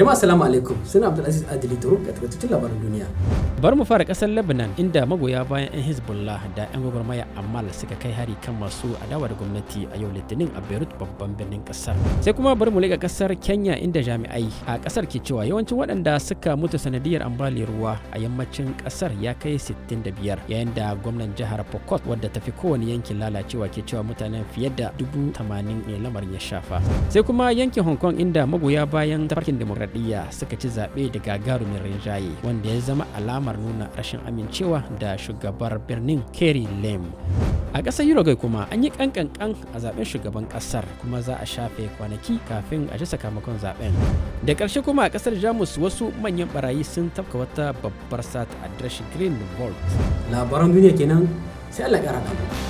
Jama'a salamu alaikum suna Abdulaziz Adili Turuk a labaran duniya. Bar mu fara kasar Lebanon inda magoya bayan 'yan Hezbollah da 'yan gwagwarmaya Amal suka kai hari kan masu adawa da gwamnati a yau Litinin a Beirut babban birnin kasar. Sai kuma bari mu leƙa kasar Kenya inda jami'ai a kasar ke cewa yawancin waɗanda suka mutu sanadiyar ambaliyar ruwa a yammacin kasar ya kai 65 yayin da gwamnan jihar Pokot wadda ta fi kowane yankin lalacewa ke cewa mutanen fiye da 80,000 ne lamarin ya shafa. Sai kuma yankin Hong Kong inda magoya bayan tafarkin demokrat demokuraɗiyya suka ci zaɓe da gagarumin rinjaye wanda ya zama alamar nuna rashin amincewa da shugabar birnin kerry lem a ƙasar uruguay kuma an yi ƙanƙanƙan a zaɓen shugaban ƙasar kuma za a shafe kwanaki kafin a ji sakamakon zaɓen da ƙarshe kuma a ƙasar jamus wasu manyan barayi sun tafka wata babbar sata a green volt labaran duniya kenan sai allah ƙara